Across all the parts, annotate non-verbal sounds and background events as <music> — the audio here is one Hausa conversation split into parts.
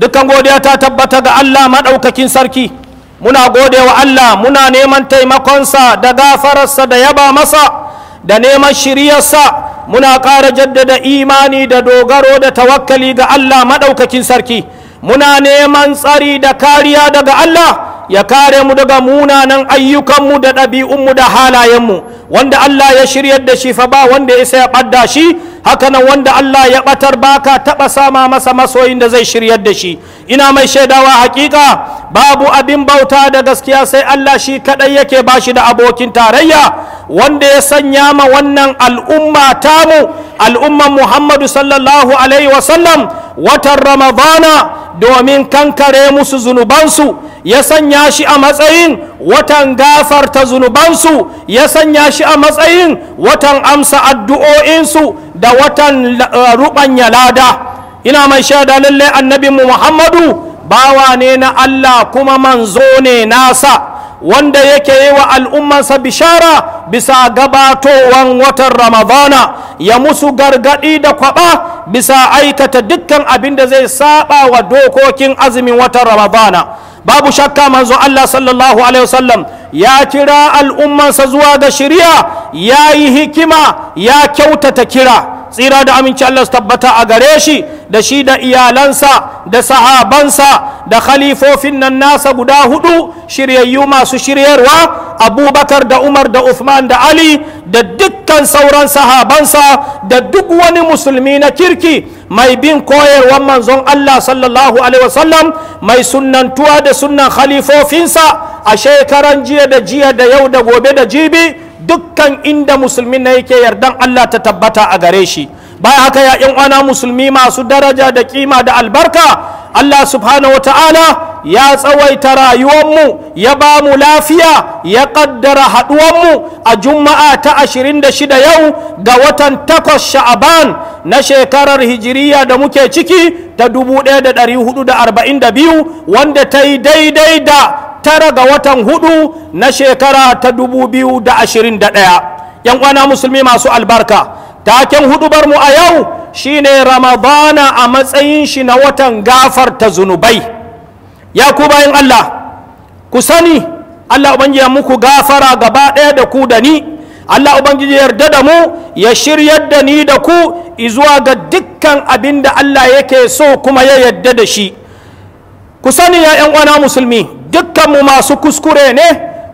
dukkan godiya ta tabbata ga Allah maɗaukakin sarki muna godewa Allah muna neman taimakonsa da gafararsa da yaba masa da neman shiryarsa muna ƙara jaddada imani da dogaro da tawakkali ga Allah maɗaukakin sarki muna neman tsari da kariya daga Allah ya kare mu daga munanan ayyukanmu da ɗabi'unmu da halayenmu wanda Allah ya shirya da shi fa ba wanda ya isa ya ɓadda shi hakanan wanda Allah ya batar baka taba sama masa masoyin da zai shiryar da shi ina mai shaidawa hakika babu abin bauta da gaskiya sai Allah shi kadai yake bashi da abokin tarayya wanda ya sanya ma wannan al'umma tamu al'umman Muhammadu sallallahu alaihi wasallam watan Ramadana domin kankare musu zunubansu ya sanya shi a matsayin watan gafarta zunubansu ya sanya shi a matsayin watan amsa addu'o'insu da watan eh, ruɓanya lada ina mai shaida lalle annabinmu muhammadu bawa ne na allah kuma manzo ne nasa wanda yake yi wa al'ummansa bishara bisa gabatowan watan ramadana ya musu gargadi da kwaɓa bisa aikata dukkan abin da zai saba wa dokokin azumin watan ramadana babu shakka manzo Allah sallallahu alaihi wasallam ya kira al'ummansa zuwa ga shari'a ya yi hikima ya kyautata kira tsira da aminci Allah su tabbata a gare shi da shi da iyalansa da sahabansa da khalifofin nan nasa guda hudu shiryayyu masu shiryarwa abubakar da umar da uthman da ali da dukkan sauran sahabansa da duk wani musulmi na kirki mai bin koyarwar manzon Allah sallallahu alaihi wasallam mai sunnantuwa da sunnan khalifofinsa a shekaran jiya da jiya da yau da gobe da jibi dukkan inda musulmi na yake yardan Allah ta tabbata a gare shi baya haka ya ana musulmi masu daraja da kima da albarka Allah subhanahu wataala ya tsawaita rayuwanmu ya ba mu lafiya ya kaddara haɗuwanmu a juma'a ta 26 yau ga watan takwas sha'aban na shekarar hijiriya da muke ciki ta 1442 wanda ta yi daidai da tara ga watan hudu na shekara ta 2021 yan uwana musulmi masu albarka taken hudubar mu a yau shine ramadana a matsayin shi na watan gafar ta zunubai ya ku bayan allah ku sani allah ubangiji muku gafara gaba ɗaya da ku da ni Allah ubangiji yarda da mu ya shiryar da ni da ku zuwa ga dukkan abin da Allah yake so kuma ya yarda da shi ku sani ya yan uwana musulmi dukkanmu masu kuskure ne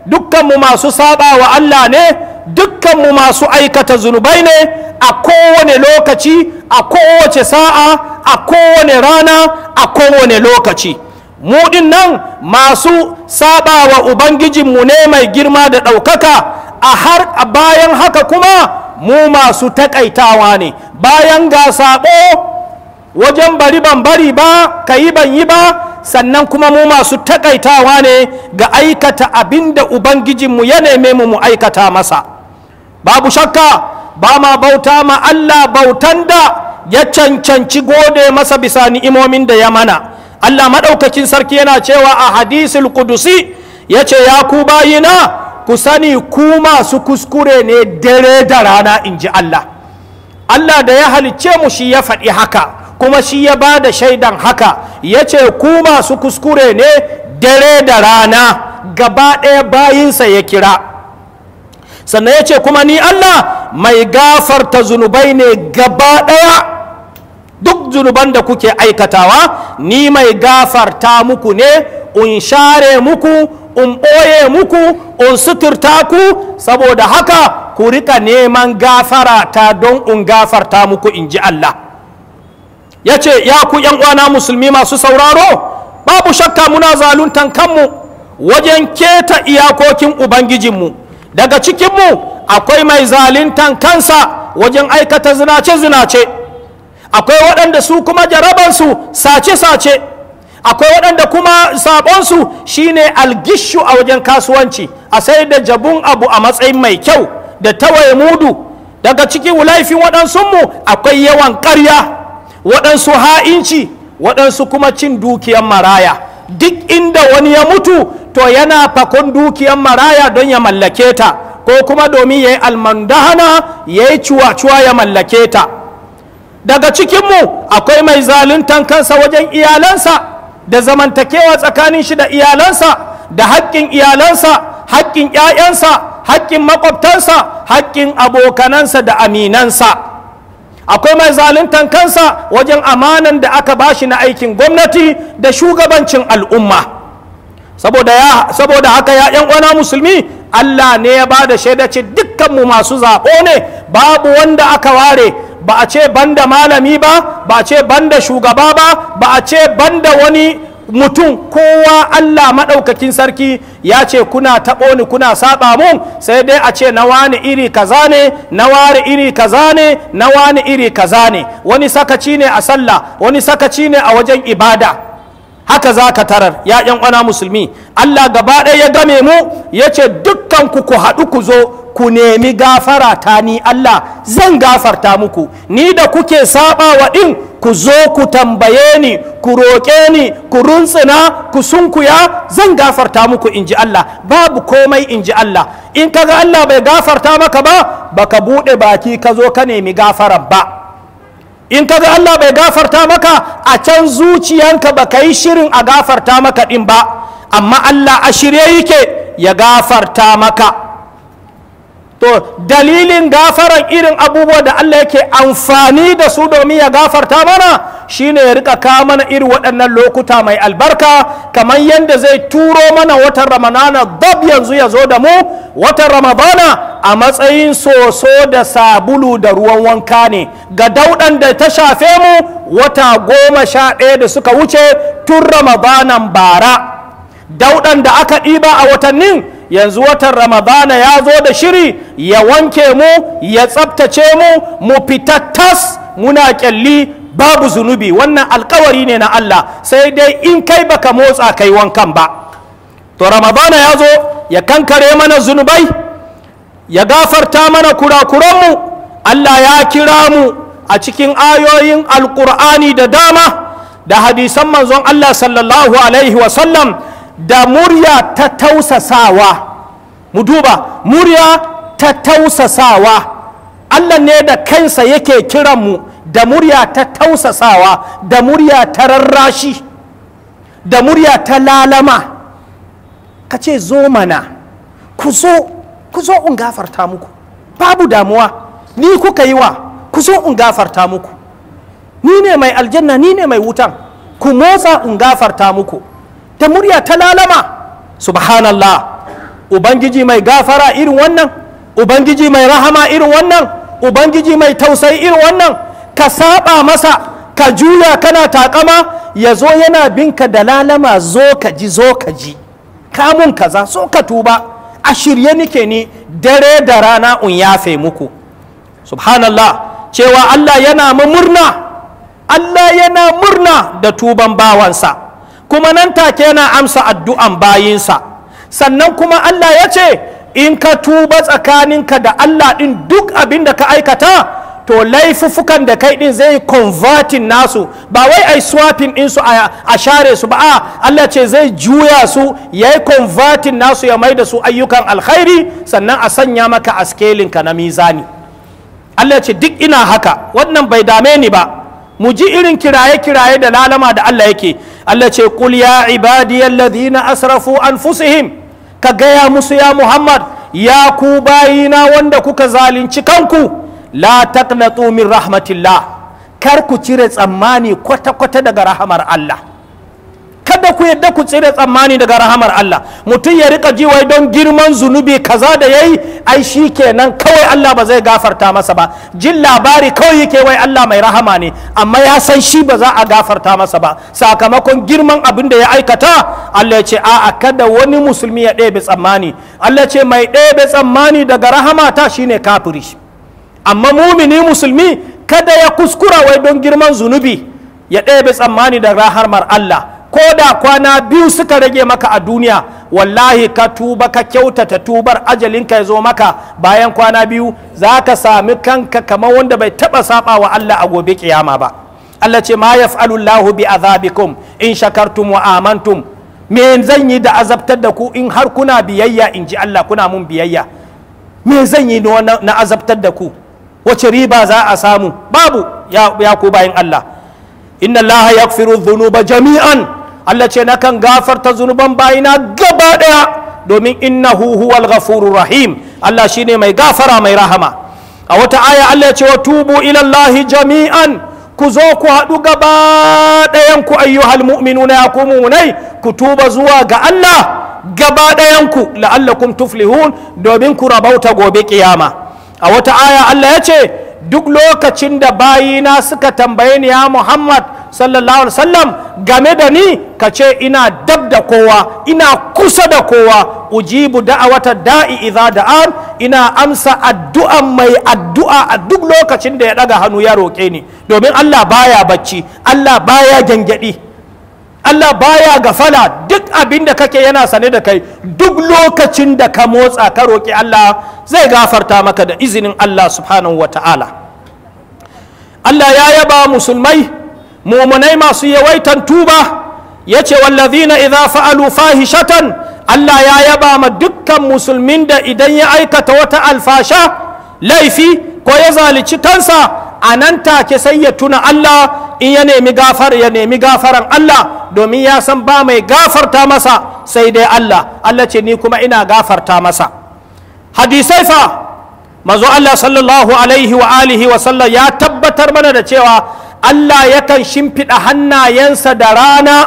dukkanmu masu saba wa Allah ne dukkanmu masu aikata zunubai ne a kowane lokaci a kowace sa'a a kowane rana a kowane lokaci mu nan masu saba wa ubangijinmu ne mai girma da ɗaukaka a har bayan haka kuma mu masu takaitawa ne bayan ga saɓo wajen bari ban bari ba ka yi ban yi ba sannan kuma mu masu takaitawa ne ga aikata abinda ubangijinmu ya neme mu mu aikata masa babu shakka ba ma bauta ma allah bautan da ya cancanci gode masa bisa ni'imomin da ya mana allah maɗaukakin sarki yana cewa a hadisul kudusi ya ce ya ku bayina ku sani ku masu kuskure ne dare da rana in ji Allah Allah da ya halicce mu shi ya faɗi haka kuma shi ya ba da shaidan haka ya ce ku masu kuskure ne dare da rana gaba ɗaya bayinsa ya kira sannan ya ce kuma ni Allah mai gafarta zunubai ne gaba ɗaya duk zunuban da kuke aikatawa ni mai gafarta muku ne in share muku in ɓoye muku in suturta ku saboda haka ku rika neman gafara ta don in gafarta muku in ji Allah ya ce ya ku uwana musulmi masu sauraro babu shakka muna zaluntan kanmu wajen keta iyakokin ubangijinmu daga cikinmu akwai mai zaluntan kansa wajen aikata zinace-zinace akwai waɗanda su kuma jarabansu sace-sace akwai waɗanda kuma sabonsu shine algishu a wajen kasuwanci a sai da jabun abu a matsayin mai kyau da tawaye mudu daga cikin laifin waɗansunmu akwai yawan ƙarya waɗansu ha'inci waɗansu kuma cin dukiyan maraya duk inda wani ya mutu to yana fakon dukiyan maraya don ya mallake ta ko kuma domin ya yi almandahana ya yi cuwa-cuwa ya mallake ta daga cikinmu akwai mai zaluntan kansa wajen iyalansa da zamantakewa tsakanin shi da iyalansa da haƙƙin iyalansa haƙƙin 'ya'yansa haƙƙin maƙwabtansa haƙƙin abokanansa da aminansa akwai mai zaluntan kansa wajen amanan da aka bashi na aikin gwamnati da shugabancin al'umma saboda haka ya 'yan uwana musulmi Allah ne ya ba da shaidaci dukkanmu masu zaɓo ne babu wanda aka ware ba a ce banda malami ba ba a ce banda shugaba ba ba a ce banda wani mutum kowa Allah maɗaukakin sarki ya ce kuna taɓo ni kuna saɓa mun sai dai a ce na wani iri kaza ne na wani iri kaza ne na wani iri kaza ne wani sakaci ne a sallah wani sakaci ne a wajen ibada haka za ka tarar ya yan musulmi Allah gaba ɗaya ya game mu ya ce dukkan ku haɗu ku zo ku nemi gafara ta ni Allah zan gafarta muku ni da kuke saba wa ɗin ku zo ku tambaye ni ku roƙe ni ku runtsina ku sunkuya zan gafarta muku in ji Allah babu komai in ji Allah in kaga Allah bai gafarta maka ba baka buɗe baki ka zo ka nemi gafarar ba in ka ga Allah bai gafarta maka a can zuciyanka ba ka yi shirin a gafarta maka ɗin ba amma Allah a shirye yake ya gafarta maka to dalilin gafaran irin abubuwa da Allah yake amfani da su domin ya gafarta mana shine ya rika ka mana irin waɗannan lokuta mai albarka kamar yadda zai turo mana watan ramadana dab yanzu ya zo da mu watan ramadana a matsayin soso da sabulu da ruwan wanka ne ga dauɗan da ta shafe mu wata goma sha ɗaya da suka wuce tun ramadanan bara dauɗan da aka ɗiba a watannin yanzu watan ramadana ya zo da shiri ya wanke mu ya tsabtace mu mu fitattas muna kyalli babu zunubi wannan alkawari ne na Allah sai dai in kai baka motsa kai wankan ba to ramadana ya zo ya kankare mana zunubai ya gafarta mana kurakuranmu Allah ya kira mu a cikin ayoyin alkur'ani da dama da hadisan manzon Allah sallallahu alaihi wasallam da murya ta tausasawa mu duba murya ta tausasawa Allah ne da kansa yake kiranmu da murya ta tausasawa da murya ta rarrashi da murya ta lalama ka ce zo mana ku zo ku zo in gafarta muku babu damuwa ni kuka yi wa ku zo in gafarta muku ni ne mai aljanna ni ne mai wutan ku motsa in gafarta muku ta murya ta lalama subhanallah ubangiji mai gafara irin wannan ubangiji mai rahama irin wannan ubangiji mai tausayi irin wannan ka saba masa ka juya kana takama ya zo yana binka da lalama zo ka ji zo ka ji kamun kaza so ka tuba a shirye nike ni dare da rana un yafe muku subhanallah cewa allah yana murna allah yana murna da tuban bawansa kuma nan take yana amsa addu'an bayinsa sannan kuma Allah ya ce in ka tuba tsakaninka da Allah ɗin duk abin da ka aikata to laifufukan da kai ɗin zai convertin nasu ba wai ai swapping din a share su ba a Allah ce zai juya su ya yi convertin nasu ya mai da su ayyukan alkhairi sannan a sanya maka a scaling ka na mizani Allah ce duk ina haka wannan bai dame ni ba mu ji irin kiraye kiraye da lalama da Allah yake Allah ce kul ya ibadiyalladhina asrafu anfusihim ka gaya musu ya Muhammad ya ku bayina wanda kuka zalunci kanku la taqnatu min rahmatillah kar ku cire tsammani kwata-kwata daga rahamar Allah kada ku yadda ku tsira tsammani daga rahamar Allah mutum ya rika ji wai don girman zunubi kaza da yayi ai shi kenan kawai Allah ba zai gafarta masa ba jin labari kawai yake wai Allah mai rahama ne amma ya san shi ba za a gafarta masa ba sakamakon girman abin da ya aikata Allah ya ce a'a kada wani musulmi ya ɗebe tsammani Allah ce mai ɗebe tsammani daga rahama ta shine kafiri amma mumini musulmi kada ya kuskura wai don girman zunubi ya ɗebe tsammani da rahamar Allah ko da kwana biyu suka rage maka a duniya wallahi ka tuba ka kyautata tubar ajalinka ya zo maka bayan kwana biyu za ka sami kanka kamar wanda bai taba saba wa Allah a gobe kiyama ba Allah ce ma allahu bi azabikum in shakartum wa amantum me zan yi da azabtar da ku in har kuna biyayya in ji Allah kuna mun biyayya me zan yi na azabtar da ku wace riba za a samu babu ya, ya ku bayan Allah inna allaha yaghfiru dhunuba jami'an Allah ce nakan gafarta zunuban bayina gaba daya domin innahu huwal ghafurur rahim Allah shine mai gafara mai rahama a wata aya Allah ya ce wa tubu ila allahi jami'an ku zo ku haɗu gaba ɗayan ku ayyuhal mu'minuna ya ku muminai ku tuba zuwa ga Allah gaba ɗayan ku la'allakum tuflihun domin ku rabauta gobe kiyama a wata aya Allah ya ce duk lokacin da bayina suka tambaye ni ya muhammad sallallahu alaihi wasallam game da ni ka ce ina dab da kowa ina kusa da kowa ujibu da'awata da'i idza da'an ina amsa addu'an mai addu'a a duk lokacin da ya daga hannu ya roke ni domin Allah baya bacci Allah baya gyangyaɗi. Allah baya gafala duk abin da kake yana sane da kai duk lokacin da ka motsa ka roƙi Allah zai gafarta maka da izinin Allah subhanahu wata'ala Allah ya yaba musulmai mumunai masu yawaitan tuba ya ce wallazina idza fa'alu fahishatan Allah ya yaba ma dukkan musulmin da idan ya aikata wata alfasha laifi ko ya zalici kansa a nan take sai ya tuna Allah in ya nemi gafar ya nemi gafaran Allah domin ya san ba mai gafarta masa sai dai Allah Allah ce ni kuma ina gafarta masa hadisai fa manzo Allah sallallahu alaihi wa alihi wa sallam ya tabbatar mana da cewa Allah yakan shimfiɗa hannayensa da rana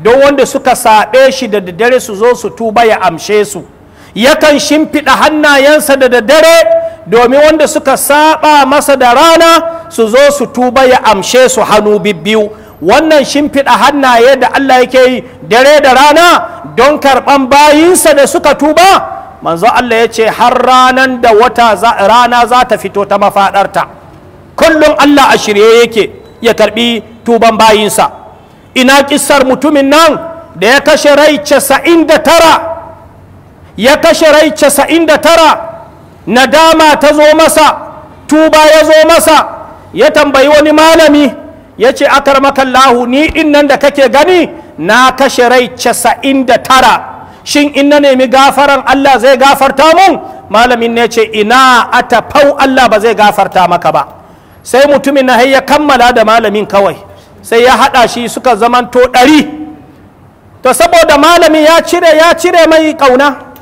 don wanda suka saɓe shi da daddare su zo su tuba ya amshe su yakan shimfiɗa hannayensa da daddare domin wanda suka saba masa da rana su zo su tuba ya amshe su hannu bibbiyu wannan shimfiɗa hannaye da Allah yake yi dare da rana don karɓan bayinsa da suka tuba manzo Allah ya ce har ranan da wata rana za ta fito ta mafaɗarta kullum Allah a shirye yake ya karɓi tuban bayinsa ina kisar mutumin nan da ya kashe rai casa'in ya kashe rai casa'in da tara nadama ta zo masa tuba ya zo masa ya tambayi wani malami ya ce akarmakallahu ni innan da kake gani na kashe rai casa'in da tara shin in na nemi gafaran Allah zai gafarta mun malamin ne ce ina a tafau Allah ba zai gafarta maka ba sai mutumin na ya kammala da malamin kawai sai ya haɗa shi suka zamanto ɗari to saboda malamin ya cire ya cire mai ƙauna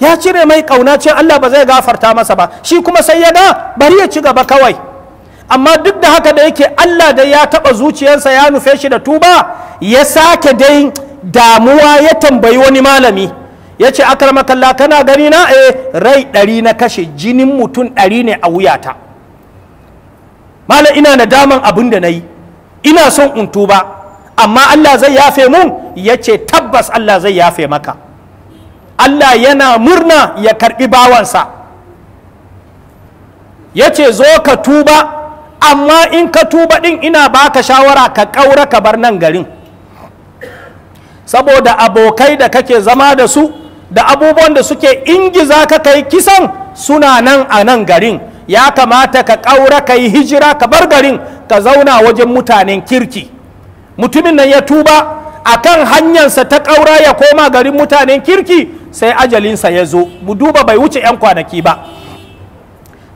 ya cire mai kauna ce Allah ba zai gafarta masa ba shi kuma sai ya ga bari ya ci gaba kawai amma duk da haka da yake Allah da ya taba zuciyarsa ya nufe shi da tuba ya sake dai damuwa ya tambayi wani malami ya ce kalla kana gani na eh rai ɗari na kashe jinin mutum ɗari ne a wuyata malam ina daman abin da na yi ina son in tuba amma Allah zai yafe mun ya ce tabbas Allah zai yafe maka Allah yana murna ya karbi bawansa ya ce zo ka tuba amma in ka tuba din ina baka shawara ka ƙaura ka bar nan garin saboda abokai da kake zama da su da abubuwan da suke ingiza ka kai kisan suna nan a nan garin ya kamata ka ƙaura ka yi hijira ka bar garin ka zauna wajen mutanen kirki mutumin nan ya tuba a kan hanyarsa ta ƙaura ya koma garin mutanen kirki sai ajalinsa ya zo mu duba bai wuce 'yan kwanaki ba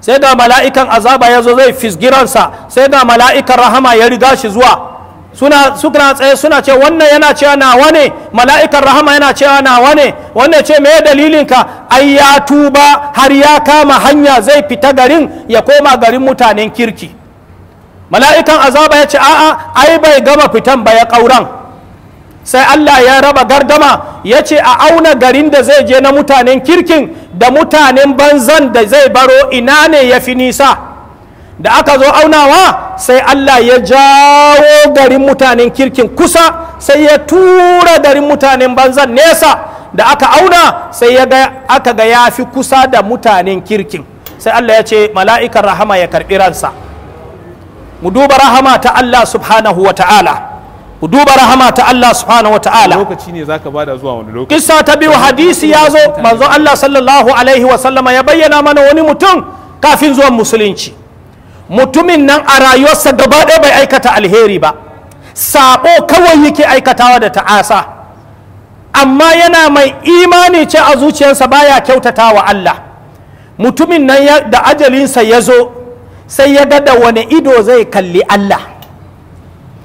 sai da mala'ikan azaba ya zo zai fisgiransa sai da mala'ikan rahama ya riga shi zuwa suna suna tsaye suna ce wannan yana cewa nawa ne mala'ikan rahama yana cewa nawa ne wannan ce me dalilin ka ai ya tuba har ya kama hanya zai fita garin ya koma garin mutanen kirki mala'ikan azaba ya ce a'a ai bai gama fitan ba ya kauran sai Allah ya raba gardama ya ce a auna garin da zai je na mutanen kirkin da mutanen banzan da zai baro ina ne ya fi nisa da aka zo aunawa sai Allah ya jawo garin mutanen kirkin kusa sai ya tura garin mutanen banzan nesa da aka auna sai ya aka ga ya fi kusa da mutanen kirkin sai Allah ya ce mala'ikan rahama ya karɓi ransa mu duba rahama ta Allah subhanahu wa ta'ala ku duba rahama ta Allah subhanahu wa ta'ala lokaci ne zaka bada zuwa wani lokaci kissa ta biyu hadisi ya zo manzo Allah sallallahu alaihi wa sallama ya bayyana mana wani mutum kafin zuwan musulunci mutumin nan a rayuwarsa gaba ɗaya bai aikata alheri ba sabo kawai yake aikatawa da ta'asa amma yana mai imani ce a zuciyarsa baya kyautata wa Allah mutumin nan da ajalinsa ya zo sai ya ga da wani ido zai kalli Allah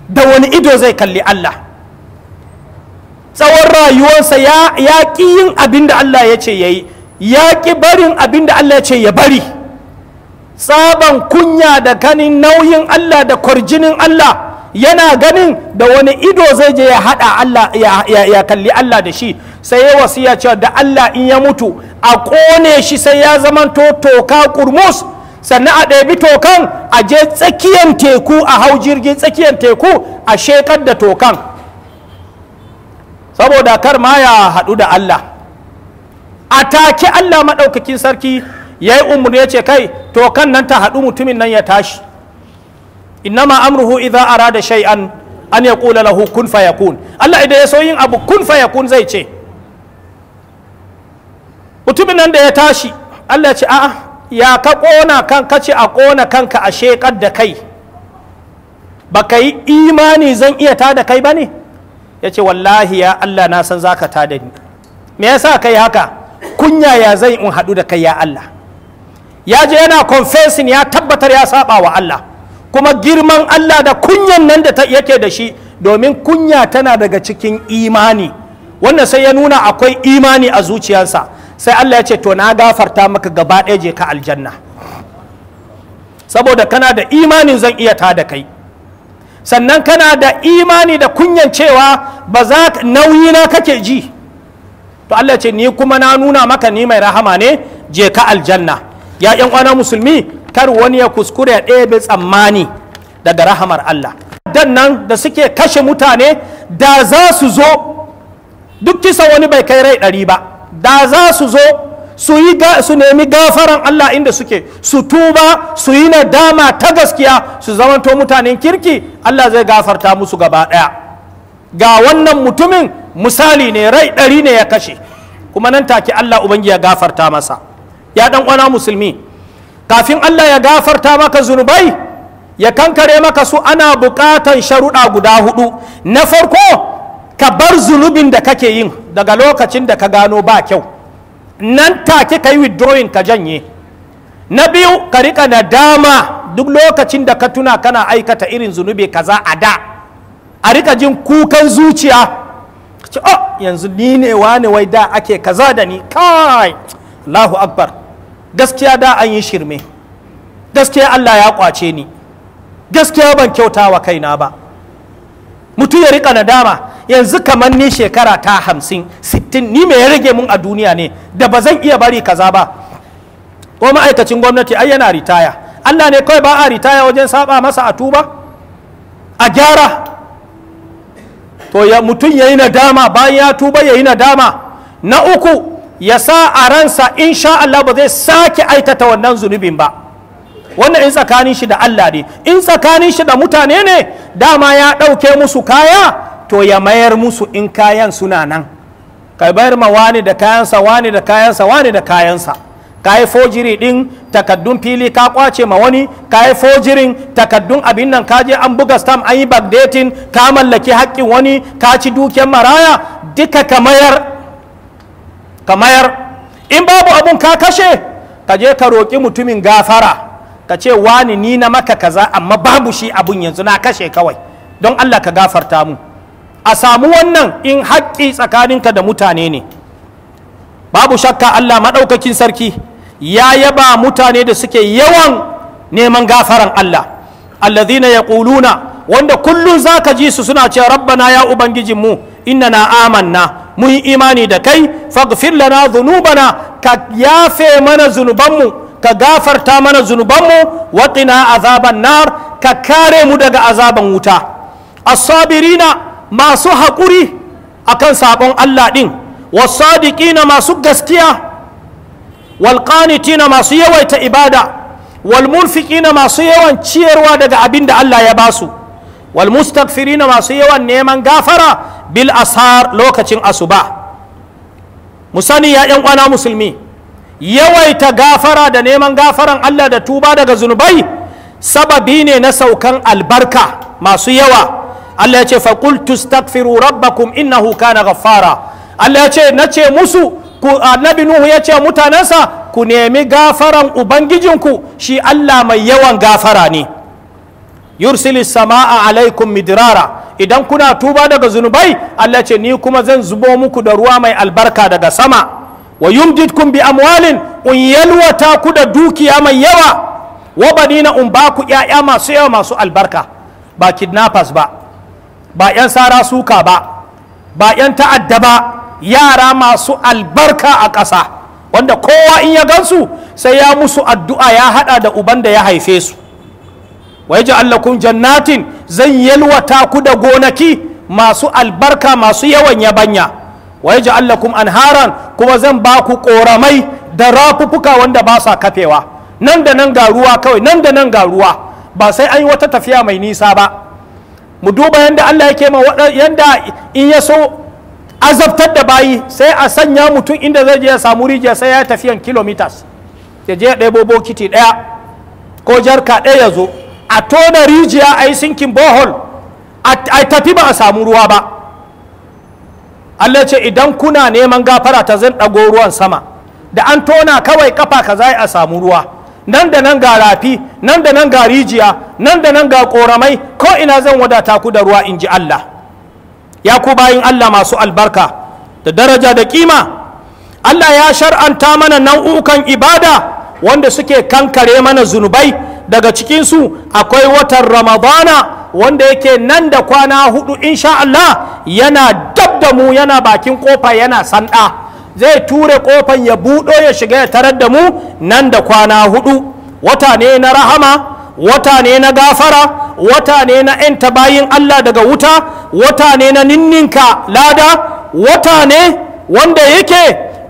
da wani ido zai kalli Allah tsawon rayuwarsa ya ƙi yin abin da Allah ya ce ya yi ya ƙi barin abin da Allah ya ce ya bari tsaban kunya da ganin nauyin Allah da kwarjinin Allah yana ganin da wani ido zai je ya haɗa Allah ya kalli Allah da shi sai ya wasiya da Allah in ya mutu a ƙone shi sai ya zamanto toka kurmus sannan a ɗabi tokan a je tsakiyar teku a hau jirgin tsakiyar teku a shekar da tokan saboda kar ma ya haɗu da Allah a take Allah maɗaukakin sarki ya yi umarni ya ce kai tokan nan ta haɗu mutumin nan ya tashi innama amruhu idza arada shay'an an yaqula lahu kun fayakun Allah idan ya so yin abu kun fayakun zai ce mutumin nan da ya tashi Allah ya ce a'a ya ka ƙona kan kace a ƙona kanka a sheƙar da kai ba ka yi imani zan iya ta da kai ba ne ya ce wallahi ya Allah na san zaka ta da ni me yasa yi haka kunya ya zai in haɗu da kai ya Allah ya je yana confessing ya tabbatar ya saba wa Allah kuma girman Allah da kunyan nan da ta yake da shi domin kunya tana daga cikin imani wannan sai ya nuna akwai imani a zuciyarsa sai Allah ya ce to na gafarta maka gaba ɗaya je ka aljanna saboda kana da imanin zan iya ta da kai sannan kana da imani da kunyan cewa ba za nauyi na kake ji to Allah ce ni kuma na nuna maka ni mai rahama ne je ka aljanna ya yan uwana musulmi kar wani ya kuskure ya ɗebe tsammani daga rahamar Allah Dannan da suke kashe mutane da za su zo duk kisan wani bai kai rai ɗari ba da za su zo su yi su nemi gafaran Allah inda suke su tuba su yi nadama ta gaskiya su zamanto mutanen kirki Allah zai gafarta musu gaba daya ga wannan mutumin misali ne rai ɗari ne ya kashe kuma nan take Allah ubangi ya gafarta masa ya dan kwana musulmi kafin Allah ya gafarta maka zunubai ya kankare maka su ana buƙatan sharuɗa guda hudu na farko ka bar zunubin da kake yin daga lokacin da ka gano ba kyau nan take ka yi withdrawing ka janye na biyu ka rika nadama duk lokacin da ka tuna kana aikata irin zunubi kaza a da a rika jin kukan zuciya ce oh yanzu ni ne wani wai da ake kaza da ni kai Allahu akbar gaskiya da an yi shirme gaskiya Allah ya kwace ni gaskiya ban kyauta wa kaina ba mutum ya rika nadama yanzu kamar ni shekara ta hamsin sittin ni mai ya rage mun a duniya ne da ba zan iya bari kaza ba ko ma'aikacin gwamnati ai yana ritaya allah ne kawai ba a ritaya wajen saba masa a tuba a gyara to ya mutum ya yi nadama bayan ya tuba ya yi nadama na uku ya sa a ransa insha allah ba zai sake aikata wannan zunubin ba wannan in tsakanin shi da Allah ne in tsakanin shi da mutane ne dama ya ɗauke musu kaya to ya mayar musu in kayan suna nan ka bayar ma wani da kayansa wani da kayansa wani da kayansa ka yi fojiri ɗin takaddun fili ka kwace ma wani ka yi fojirin takaddun abin nan ka je an buga stam an yi bagdetin ka mallaki haƙƙin wani ka ci dukiyar maraya duka ka mayar ka mayar in babu abun ka kashe ka je ka roƙi mutumin gafara ka ce wani ni na maka kaza amma babu shi abun yanzu na kashe kawai don Allah ka gafarta mu a samu wannan in haƙƙi tsakaninka da mutane ne babu shakka Allah maɗaukakin sarki ya yaba mutane da suke yawan neman gafaran Allah allazina yaquluna wanda kullun zaka ji su suna cewa rabbana ya ubangijinmu na amanna mun imani da kai faghfir lana dhunubana ka yafe mana zunubanmu ka gafarta mana zunubanmu wa azaban nar ka kare mu daga azaban wuta A sabirina masu haƙuri akan sabon Allah ɗin. was masu gaskiya walƙanitina masu yawaita ibada walmunfikina masu yawan ciyarwa daga abin da Allah ya basu walmustakfirina masu yawan neman gafara bil asar lokacin asuba mu sani ya yan kwana musulmi yawaita gafara da neman gafaran Allah da tuba daga zunubai sababi ne na saukan albarka masu yawa Allah ya ce faƙultu stakfiru rabbakum innahu kana ghaffara Allah ya ce na ce musu annabi Nuhu ya ce mutanensa ku nemi gafaran ubangijinku shi Allah mai yawan gafara ne yursili sama'a alaikum midrara idan kuna tuba daga zunubai Allah ce ni kuma zan zubo muku da ruwa mai albarka daga sama wa yumdidkum bi amwalin un yalwata ku da dukiya mai yawa wa banina un ba ku yaya masu yawa masu albarka ba kidnappers ba ba yan sara suka ba ba yan ta'adda ba yara masu albarka a ƙasa wanda kowa in ya gansu sai ya musu addu'a ya haɗa da uban da ya haife su wa yaj'al lakum jannatin zan yalwata ku da gonaki masu albarka masu yawan yabanya wa kum an anharan kuma zan ba ku koramai da rafuffuka wanda ba sa kafewa nan da nan ga ruwa kawai nan da nan ga ruwa ba sai an yi wata tafiya mai nisa ba mu duba yanda Allah yake ma yanda in ya so azabtar da bayi sai a sanya mutum inda zai je ya samu rijiya sai ya tafiyan kilometers ya je ya bobo bokiti ɗaya ko jarka ɗaya ya zo a tona rijiya a yi sinkin bohol a tafi ba a samu ruwa ba Allah ce idan kuna neman gafara ta zan ɗago ruwan sama da an tona kawai kafa ka za a samu ruwa nan da nan ga rafi nan da nan ga rijiya nan da nan ga ƙoramai ko ina zan wadata ku da ruwa in ji Allah ya ku bayin Allah masu albarka da daraja da kima Allah ya shar'anta mana nau'ukan ibada wanda suke kankare mana zunubai daga cikinsu akwai watan ramadana wanda yake nan da kwana hudu insha Allah yana da mu yana bakin kofa yana sanda zai ture kofan ya buɗo ya shiga ya tarar da mu nan da kwana hudu wata ne na rahama wata ne na gafara wata ne na ‘yanta bayin Allah daga wuta wata ne na ninninka lada wata ne wanda yake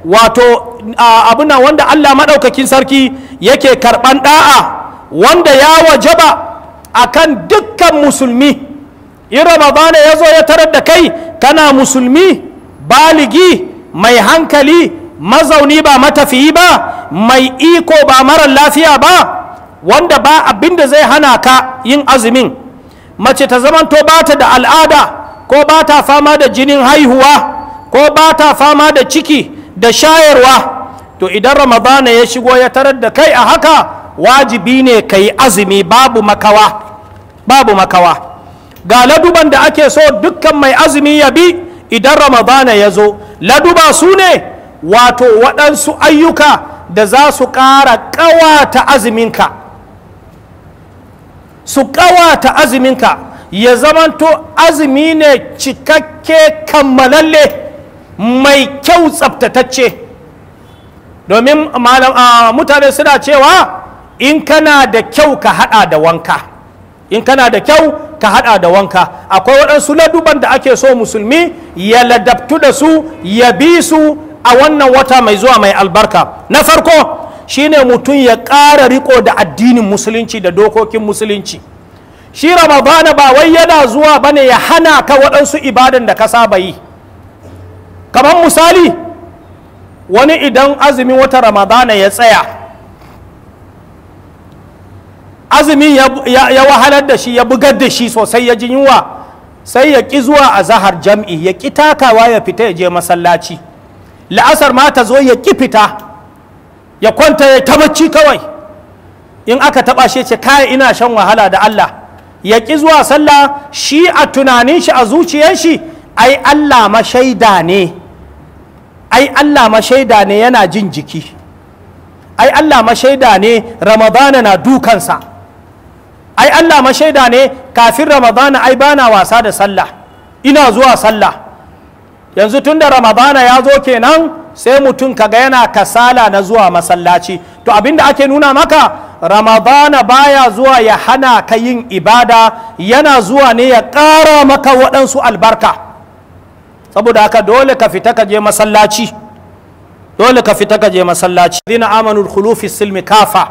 wato abuna wanda Allah maɗaukakin sarki yake karɓan ɗa'a wanda ya wajaba akan dukkan musulmi in ramadana ya zo ya tarar da kai kana musulmi baligi mai hankali mazauni ba matafiyi ba mai iko ba mara lafiya ba wanda ba abin da zai hana ka yin azumin mace ta zamanto ba ta da al'ada ko ba ta fama da jinin haihuwa ko ba ta fama da ciki da shayarwa to idan ramadana ya shigo ya tarar da kai a haka wajibi ne ka yi azumi babu makawa babu makawa ga laduban da ake so dukkan mai azumi ya bi idan ramadana ya zo laduba su ne wato waɗansu ayyuka da za su ƙara ƙawata aziminka su ƙawata aziminka ya zamanto azumi ne cikakke kammalalle mai kyau tsaftatacce domin ah, mutane suna cewa in kana da kyau ka haɗa da wanka in kana da kyau ka hada da wanka akwai waɗansu laduban da ake so musulmi ya ladabtu da su ya bi su a wannan wata mai zuwa mai albarka na farko shine mutum ya ƙara riko da addinin musulunci da dokokin musulunci shi ramadana ba wai yana zuwa bane ya hana ka waɗansu ibadan da ka saba yi kamar misali wani idan azumin wata ramadana ya tsaya azumi ya wahalar da shi ya bugar da shi sosai ya ji yunwa sai ya ƙi zuwa a zahar jam'i ya ki takawa ya fita ya je masallaci la'asar ma ta zo ya ƙi fita ya kwanta ya tabacci kawai in aka taɓa shi ce kaya ina shan wahala da Allah ya ƙi zuwa sallah shi a tunanin shi a zuciyar shi ai Allah mashaida ne ai Allah mashaida ne yana jin jiki ai Allah mashaida ne ramadana na dukansa ai Allah mashaida ne kafin ramadana ai bana wasa da sallah ina zuwa sallah yanzu tun da ramadana ya zo kenan sai mutum kaga yana kasala na zuwa masallaci to abinda ake nuna maka ramadana baya zuwa ya hana ka yin ibada yana zuwa ne ya ƙara maka waɗansu albarka saboda haka dole ka fita ka je masallaci dole ka fita ka je masallaci dina amanu khulufi silmi kafa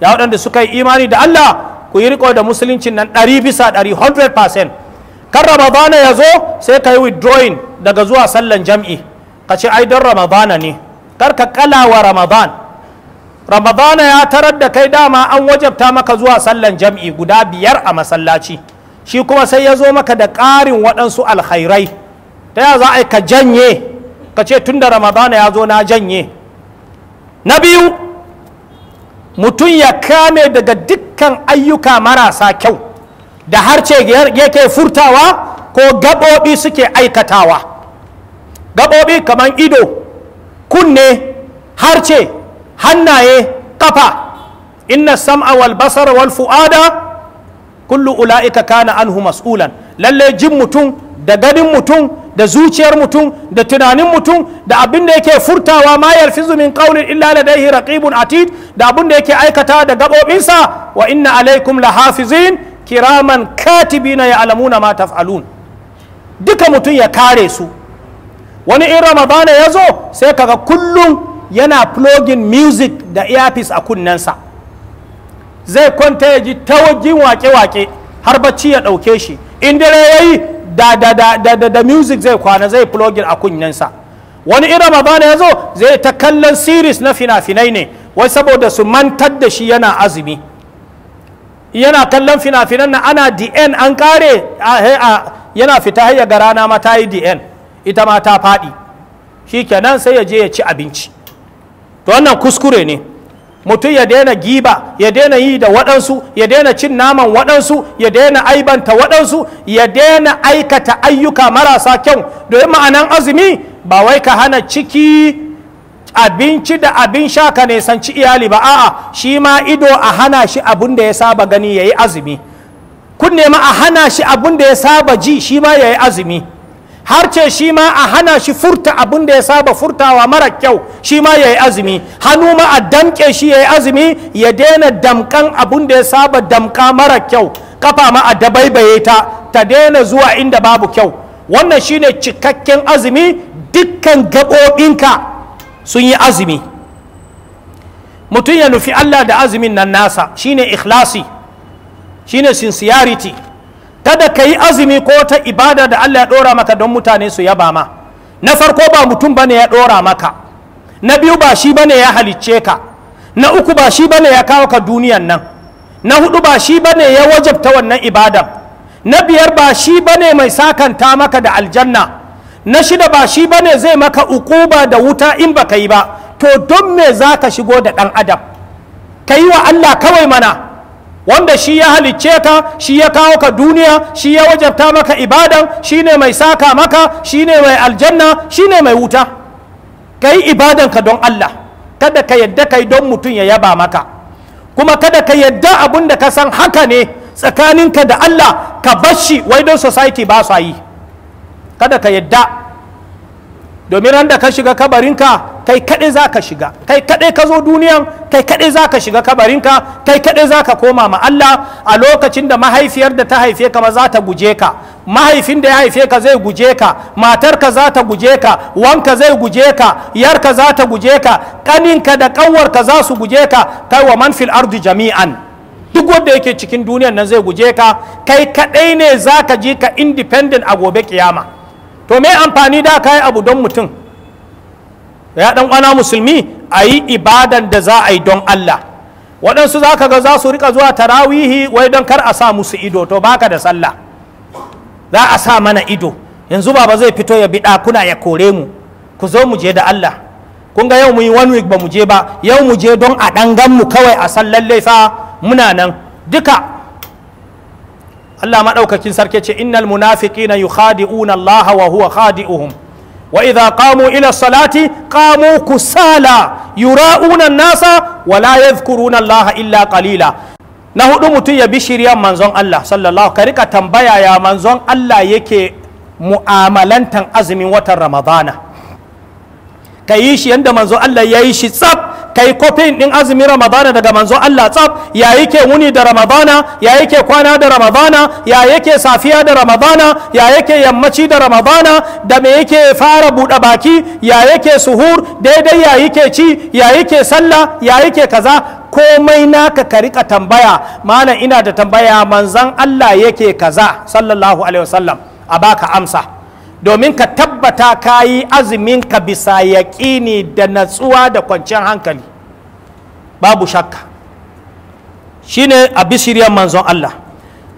ya waɗanda suka yi imani da Allah ku yi riko da musuluncin nan ɗari bisa ɗari 100% kan ramadana ya zo sai ka yi withdrawing daga zuwa sallan jam'i ka ce ai don ramadana ne kar ka kala wa ramadan ramadana ya tarar da kai dama an wajabta maka zuwa sallan jam'i guda biyar a masallaci shi kuma sai ya zo maka da ƙarin waɗansu alkhairai ta ya za a ka janye ka ce tun da ramadana ya zo na janye na biyu mutum ya kame daga dukkan ayyuka marasa kyau da harce yake furtawa ko gaɓoɓi suke aikatawa gaɓoɓi kamar ido kunne harce hannaye ƙafa inna sam'a wal basar wal fu'ada kullu ula'ika kana anhu mas'ulan lalle jin mutum da ganin mutum da zuciyar mutum da tunanin mutum da abin da yake furtawa ma yalfizu min dai illa ladayhi raqibun atid da abin da yake aikata da gabobinsa wa inna alaikum lahafizin kiraman katibina na ma taf'alun duka mutum ya kare su wani in ramadana ya zo sai kaga kullum yana plugin music da earpiece a kunnensa zai kwanta ya ji tawajin wake-wake har bacci ya ɗauke shi in dare ya yi da da da da da, da music zai kwana zai plugin a kunnensa wani irin mabana ya zo zai ta kallon series na fina-finai ne wai saboda su mantar da shi yana azumi yana kallon fina-finan na ana dn an kare yana fita hayya ga rana ma ta yi dn ita ma ta faɗi kenan sai ya je ya ci abinci to wannan kuskure ne mutum ya daina giba ya daina yi da waɗansu ya daina cin naman waɗansu ya daina aibanta waɗansu ya daina aikata ayyuka marasa kyau domin ma'anan azumi ba wai ka hana ciki abinci da abin sha ka nisanci iyali ba a'a shi ma ido a hana shi abun da ya saba gani ya yi azumi kun nema a hana shi abin da ya saba ji shi ma ya yi azumi ce shi ma a hana shi furta abin da ya saba furtawa mara kyau shi ma ya yi azumi hannu ma a damƙe shi ya yi azumi ya daina damƙan abun da ya saba damƙa mara kyau kafa ma a dabaibaye ta ta daina zuwa inda babu kyau wannan shine cikakken azumi dukkan gaɓoɓinka sun yi azumi mutum ya nufi allah da azumin nan nasa shine ikhlasi shine sincerity kada ka yi azumi ko ta ibada da Allah ya ɗora maka don mutane su yaba ma na farko ba mutum bane ya ɗora maka na biyu ba shi bane ya halicce ka na uku ba shi bane ya kawo ka duniyan nan na hudu ba shi bane ya wajabta wannan ibada, na biyar ba shi bane mai sakanta maka da aljanna na shida ba shi bane zai maka ukuba da wuta in baka yi ba to don me zaka shigo da ɗan adam ka wa Allah kawai mana wanda shi ya halicce ka shi ya kawo ka duniya shi ya wajabta maka ibadan shi ne mai saka maka shi ne mai aljanna shi ne mai wuta ka yi ibadanka don Allah kada ka yadda ka yi don mutum ya yaba maka kuma kada ka yadda abun da ka san haka ne tsakaninka da Allah ka bashi wai don society ba su yi kada ka yadda domin randa ka shiga kabarinka kai kaɗai za ka shiga kai kaɗai ka zo duniyan kai kaɗai za ka shiga kabarinka kai kaɗai za ka koma ma Allah a lokacin da mahaifiyar da ta haife ka ma za ta guje ka mahaifin da ya haife ka zai guje ka matarka za ta guje ka wanka zai guje ka yarka za ta guje ka ƙaninka da ƙanwarka za su guje ka kai wa man fil ardi jami'an duk wanda yake cikin duniyan nan zai guje ka kai kaɗai ne za ka ji ka independent a gobe kiyama to me amfani da ka yi abu don mutum ya dan kwana musulmi a yi ibadan da za a yi don Allah waɗansu za ka ga za su rika zuwa tarawihi wai don kar a sa musu ido to baka da sallah za a sa mana ido yanzu ba zai fito ya bi ɗakuna ya kore mu ku zo mu je da Allah kun ga yau mu yi one week ba mu je ba yau mu je don a gan mu kawai a san lallai muna nan duka Allah maɗaukakin sarki ce innal munafiqina yukhadi'una Allah wa huwa khadi'uhum wa idza qamu ila salati qamu kusala yura'una nasa wa la yadhkuruna allaha illa kalila? na hudu mutum ya bi shiryan manzon Allah sallallahu ka rika tambaya ya manzon Allah yake mu'amalantan azumin watan ramadana ka yi shi yadda manzon Allah ya yi shi tsab kai kofin din azumin ramadana daga manzo Allah tsaf ya yake wuni da ramadana ya yake kwana da ramadana ya yake safiya da ramadana ya yake yammaci da ramadana da me yake fara buɗe baki ya yake suhur daidai ya yake ci ya yake sallah ya yake kaza komai naka ka rika tambaya mana ina da tambaya manzan Allah yake kaza sallallahu alaihi wasallam a baka amsa domin ka tabbata ka yi azumin ka bisa yaƙini da natsuwa da kwanciyar hankali babu shakka shine a bishiriyar manzon Allah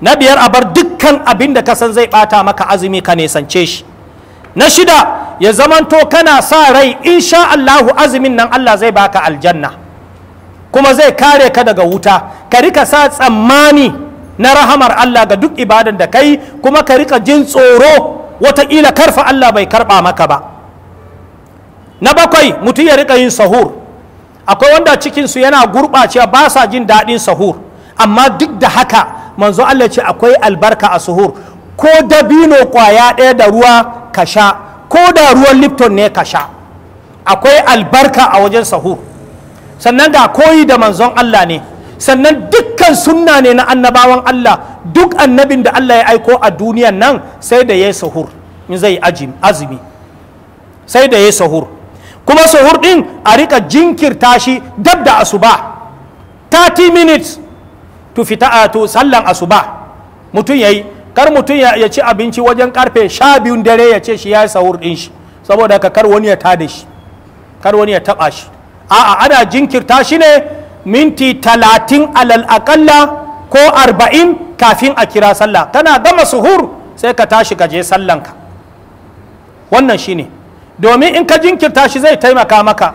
na biyar abar dukkan abin da ka san zai ɓata maka azumi ka nisance shi na shida ya zamanto kana sa rai insha Allahu azumin nan Allah zai baka aljanna kuma zai kare ka daga wuta ka rika sa tsammani na rahamar Allah ga duk ibadan da kai kuma ka rika jin tsoro wataƙila karfa Allah bai karɓa maka ba na bakwai mutum ya riƙa yin sahur akwai wanda cikinsu yana gurɓacewa ba sa jin daɗin sahur amma duk da haka manzo Allah ce akwai albarka a sahur ko dabino kwaya ɗaya da ruwa ka sha ko da ruwan lipton ne ka sha akwai albarka a wajen sahur sannan ga koyi da manzon Allah ne sannan dukkan sunna ne na annabawan Allah duk annabin da Allah ya aiko a duniyan nan sai da ya yi sahur in zai azumi sai da ya yi sahur kuma sahur din a rika jinkirta shi dab da asuba 30 minutes to fita to sallan asuba mutum ya yi kar mutum ya ci abinci wajen karfe sha biyun dare ya ce shi ya yi sahur din shi saboda ka kar wani ya tada shi kar wani ya taba shi a'a ana jinkirta shi ne minti talatin alal aƙalla ko arba'in kafin a kira sallah tana gama suhur sai ka tashi ka je sallanka wannan shine domin in ka jinkirta shi zai taimaka maka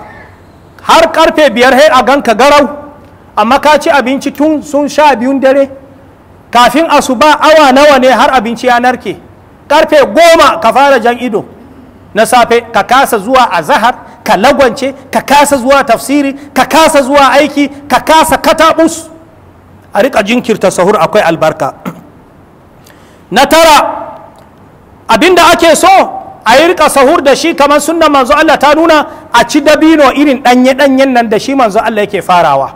har karfe biyar hai a ganka garau amma ka ci abinci tun sun sha biyun dare kafin asuba awa nawa ne har abinci ya narke karfe goma ka fara jan ido na safe ka kasa zuwa azahar, ka lagwance ka kasa zuwa tafsiri ka kasa zuwa aiki ka kasa katabus a rika jinkirta sahur akwai albarka <clears throat> na tara abinda ake so a yi rika sahur da shi kamar sunna manzo Allah ta nuna a ci dabino irin ɗanye danyen nan da shi manzo Allah yake farawa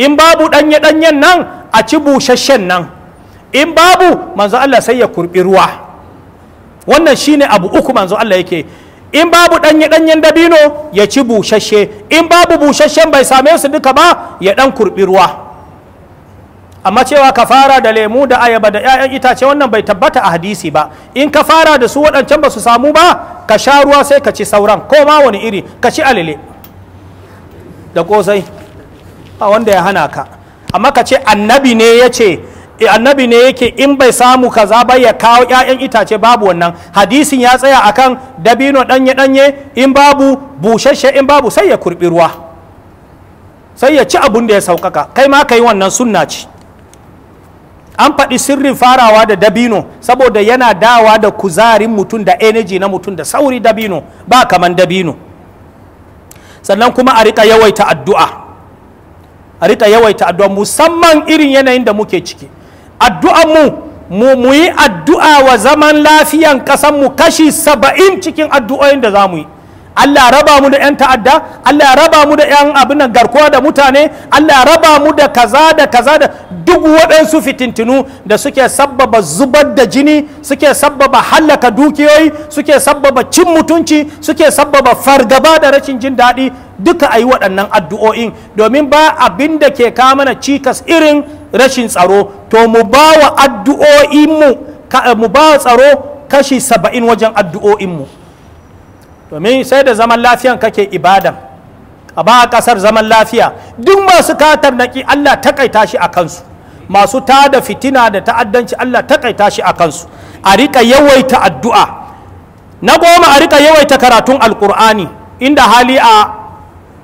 in babu ɗanye danyen nan a ci busasshen nan in babu manzo Allah sai ya kurbi ruwa wannan shine abu uku manzo Allah yake in babu danye danyen dabino ya ci bushashe in babu bushashen bai same su duka ba ya ɗan kurbi ruwa amma cewa ka fara da lemu da ayaba da 'ya'yan itace wannan bai tabbata a hadisi ba in ka fara da su waɗancan ba su samu ba ka sha ruwa sai ka ci sauran ko ma wani iri ka ci alele da kosai a wanda ya hana ka amma ka ce annabi ne ya ce Eh, annabi ne yake in bai samu kaza ba ya kawo ƴaƴan itace babu wannan hadisin ya tsaya akan dabino danye danye in babu bushashe in babu sai ya kurɓi ruwa sai ya ci abun da ya saukaka kai ma kai wannan sunna ci an faɗi sirrin farawa da dabino saboda yana dawa da kuzarin mutum da energy na mutum da sauri dabino ba kaman dabino sannan kuma a riƙa yawaita addu'a a riƙa yawaita addu'a musamman irin yanayin da muke ciki addu'an mu mu muyi addu'a wa zaman lafiyan kasan mu kashi saba'in cikin addu'o'in da za mu yi Allah ya raba mu da 'yan ta'adda Allah ya raba mu da 'yan abin nan garkuwa da mutane Allah ya raba mu da kaza da kaza da duk waɗansu fitintinu da suke sabbaba zubar da jini suke sabbaba hallaka dukiyoyi suke sabbaba cin mutunci suke sabbaba fargaba da rashin jin daɗi duka a yi waɗannan addu'o'in domin ba abin da ke kamana cikas irin rashin tsaro to mu ba wa addu'o'inmu mu ba tsaro kashi saba'in wajen addu'o'inmu domin sai da zaman lafiyan kake ibadan a ba kasar zaman lafiya duk masu katar naki Allah takaita shi a kansu masu tada fitina da ta'addanci Allah takaita shi a kansu a rika yawaita addu'a na goma a rika yawaita karatun alkur'ani inda hali a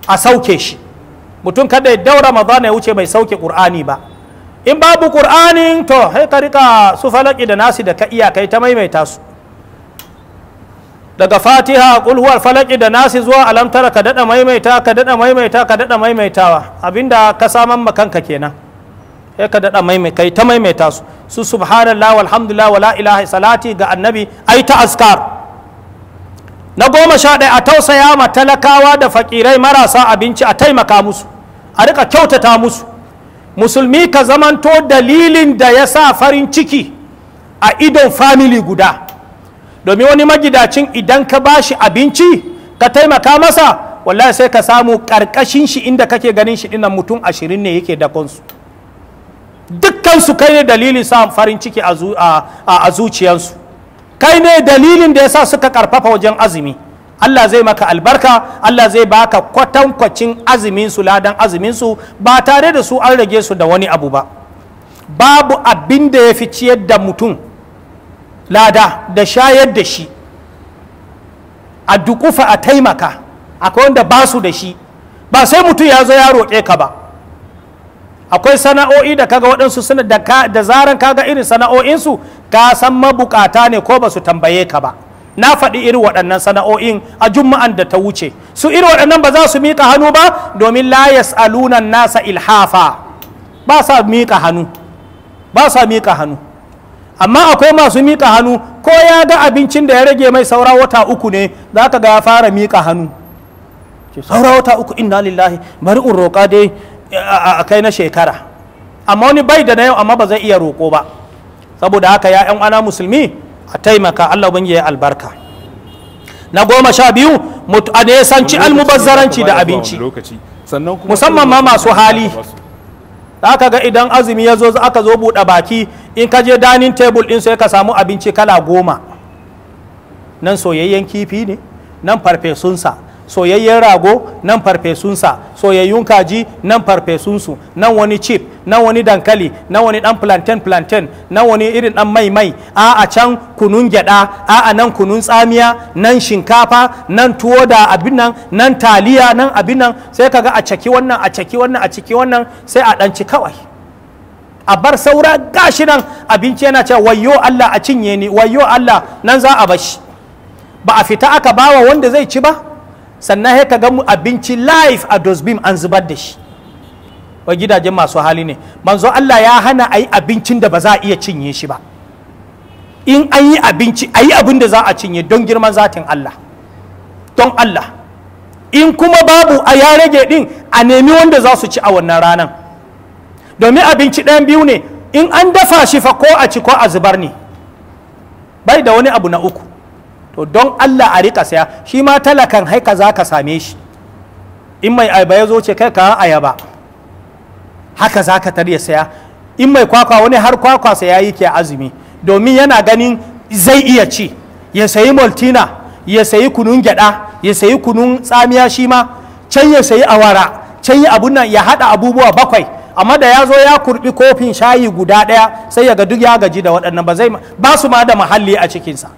a sauke shi mutum kada ya daura bana ya wuce mai sauke qur'ani ba in babu qur'anin to hai ka rika su falaki da nasi da ka iya kai ta maimaita su daga fatiha huwa falaki da nasi zuwa tara ka dada maimaita ka dada maimaita ka dada maimaitawa abinda ka saman makanka kenan sai ka dada Kai ta maimaita su su subhanallahi walhamdulillah wala ilaha salati ga annabi ai ta askar na goma sha ɗaya a tausaya ma talakawa da fakirai marasa abinci a taimaka musu a rika kyautata musu musulmi ka zamanto dalilin da ya sa farin ciki a idon family guda domin wani magidacin idan ka ba shi abinci ka taimaka masa wallahi sai ka samu karkashin shi inda kake ganin shi dinan mutum ashirin ne yake dakonsu dukkansu kai ne dalilin sa farin ciki a zuciyansu kai ne dalilin da yasa suka karfafa wajen azumi Allah zai maka albarka Allah zai baka kwatankwacin azumin su ladan azumin su ba tare da su an rage su da wani abu ba babu abin da ya ciyar da mutum lada da shayar da shi a dukufa a taimaka akwai wanda ba su da shi ba sai mutum ya zo ya roƙe ka ba akwai sana'o'i da kaga waɗansu suna da, ka, da zaran kaga irin sana'o'insu ka san mabukata ne ko ba su tambaye ka ba na faɗi irin waɗannan sana'o'in a juma'an da ta wuce su irin waɗannan ba za su miƙa hannu ba domin la yas'aluna nasa ilhafa ba sa miƙa hannu ba sa miƙa hannu amma akwai masu miƙa hannu ko ya ga abincin da ya rage mai saura wata uku ne za ka ga ya fara miƙa hannu saura wata uku inna lillahi bari in roƙa dai a kai na shekara amma wani bai da na yau amma ba zai iya roƙo ba saboda haka ya yan ana musulmi a taimaka Allah ubangiji ya albarka na goma sha biyu a nesanci almubazzaranci da abinci musamman ma masu hali aka ga idan azumi ya zo aka zo buɗe baki in ka je dining table ɗin sai ka samu abinci kala goma nan soyayyen kifi ne nan farfesunsa soyayyen rago nan farfesunsa soyayyun kaji nan farfesunsu nan wani chip nan wani dankali nan wani dan plantain plantain nan wani irin dan mai mai a a can kunun gyada a a nan kunun tsamiya nan shinkafa nan tuwo da abin nan nan taliya nan abin nan sai kaga a caki wannan a caki wannan a ciki wannan sai a danci kawai a bar saura gashi nan abinci yana cewa wayyo Allah a cinye ni wayyo Allah nan za a bashi ba a fita aka bawa wanda zai ci ba sannan haka ga abinci live a dosbim an zubar da shi wa gidajen masu hali ne manzo Allah ya hana a yi abincin da ba za a iya cinye shi ba in an yi abinci a yi abin da za a cinye don girman zatin Allah don Allah in kuma babu a ya rage din a nemi wanda za su ci a wannan ranan domin abinci ɗayan biyu ne in an dafa shi fa ko a ci ko a zubar ne bai da wani abu na uku to don Allah a riƙa saya shi ma talakan haika za ka same shi in mai ayaba ya zo ce kai ka ayaba haka za ka tarya saya in mai kwakwa wani har kwakwa saya ke azumi domin yana ganin zai iya ci ya sayi maltina ya sayi kunun gyada ya sayi kunun tsamiya shi ma can ya sayi awara can yi abun nan ya hada abubuwa bakwai amma da ya zo ya kurbi kofin shayi guda ɗaya, sai ya ga duk ya gaji da waɗannan ba zai su ma da muhalli a cikinsa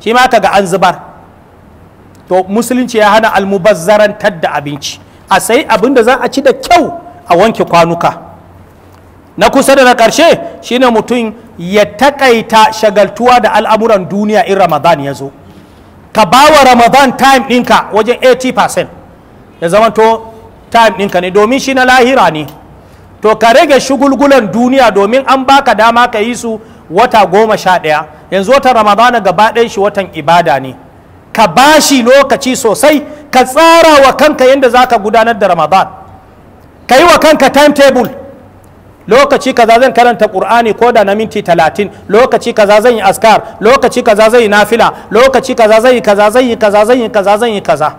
shi ma kaga an zubar to musulunci ya hana almubazzarantar da abinci a sai abin da za a ci da kyau a wanke kwanuka na kusa da na ƙarshe shine mutum ya takaita shagaltuwa da al'amuran duniya in ramadan ya zo ka ba wa ramadan time ɗinka wajen 80% ya zama to time ɗinka ne domin shi na lahira ne to ka rage shugulgulan duniya domin an baka dama ka yi su wata goma sha ɗaya yanzu wata ramadana gaba ɗayan shi watan ibada ne ka bashi lokaci sosai ka tsara wa kanka yadda za ka gudanar da ramadan ka yi wa kanka timetable lokaci kaza zan karanta ƙur'ani ko da na minti talatin lokaci kaza zan yi askar lokaci kaza zan yi nafila lokaci kaza zan yi kaza zan yi kaza zan yi kaza zan yi kaza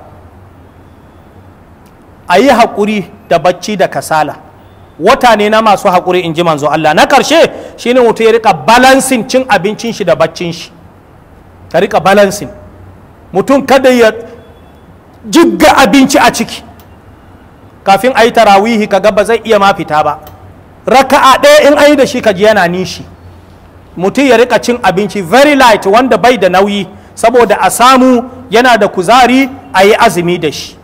a yi haƙuri da bacci da kasala wata ne na masu haƙuri in ji manzo Allah na ƙarshe shi ne mutum ya rika balansin cin abincin shi da baccin shi ka rika balansin mutum kada ya jigga abinci a ciki kafin a yi tarawihi ka ba zai iya ma fita ba raka'a ɗaya in an yi da shi ka ji yana nishi mutum ya rika cin abinci very light wanda bai da nauyi saboda a samu yana da kuzari a yi azumi da shi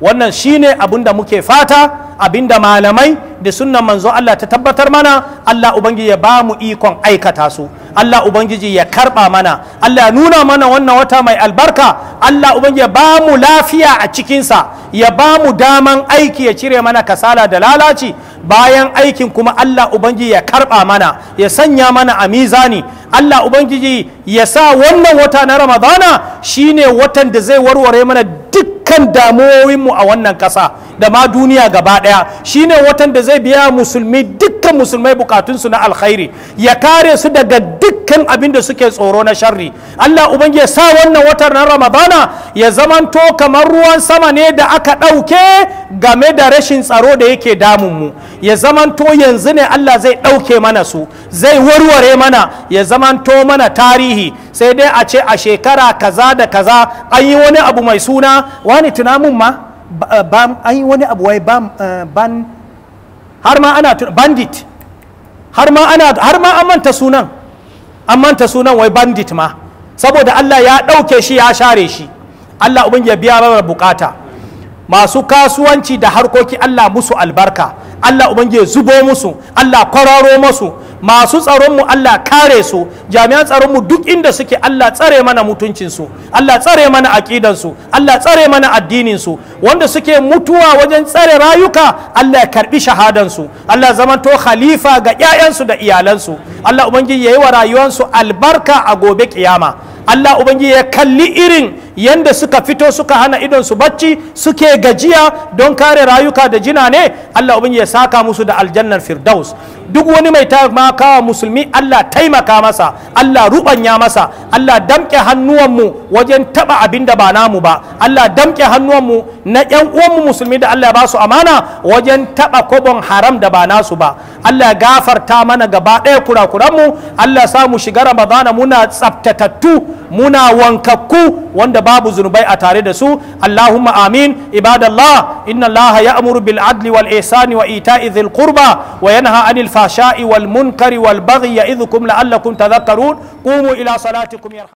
wannan shine abin da muke fata abinda malamai da sunnan manzo Allah ta tabbatar mana Allah ubangiji ya ba mu ikon aikata su Allah ubangiji ya karba mana Allah nuna mana wannan wata mai albarka Allah ubangiji ya ba mu lafiya a cikinsa ya ba mu daman aiki ya cire mana kasala da lalaci bayan aikin kuma Allah ubangiji ya karba mana ya sanya mana a mizani Allah ubangiji ya sa wannan wata na Ramadana shine watan da zai warware mana dukkan damuwowinmu a wannan ƙasa da ma duniya gaba daya shine watan da zai biya musulmi dukkan musulmai bukatunsu na alkhairi ya kare su daga dukkan abin da suke tsoro na sharri Allah ubangi sa wannan watan na Ramadana ya zamanto kamar ruwan sama ne da aka dauke game da rashin tsaro da yake damun mu ya zamanto yanzu ne Allah zai dauke mana su zai warware mana ya zamanto mana tarihi sai dai a ce a shekara kaza da kaza an yi wani abu mai suna wani tunamin ma Eh, an yi wani abu wai eh, ban har ma ana bandit har ma ana an manta sunan an manta sunan wai bandit ma saboda Allah ya ɗauke shi ya share shi Allah ubin ya biya mara bukata masu kasuwanci da harkoki Allah musu albarka Allah ubin ya zubo musu Allah kwararo musu masu tsaronmu Allah kare su jami'an tsaronmu duk inda suke Allah tsare mana mutuncinsu Allah tsare mana aƙidansu Allah tsare mana addininsu wanda suke mutuwa wajen tsare rayuka Allah ya karɓi shahadansu Allah zamanto khalifa ga 'ya'yansu da iyalansu Allah ubangiji ya yi wa rayuwarsu albarka a gobe kiyama Allah ubangiji ya kalli irin yanda suka fito suka hana idon su bacci suke gajiya don kare rayuka da jina ne Allah ubangiji ya saka musu da aljannar firdaus duk wani mai taimaka wa musulmi Allah taimaka masa Allah ruɓanya masa Allah damke hannuwanmu wajen taɓa abin da ba namu ba Allah damke hannuwanmu na yan uwanmu musulmi da Allah ya ba su amana wajen taɓa kobon haram da ba nasu ba Allah gafarta mana gaba ɗaya kurakuranmu Allah sa mu shiga ramadana muna tsaftatattu muna wankakku wanda babu zunubai a tare da su Allahumma amin ibadallah inna Allah ya'muru bil adli wal ihsani wa ita'i dhil qurba wa yanha 'anil fahsha'i wal munkari wal baghi ya'idhukum la'allakum tadhakkarun qumu ila salatikum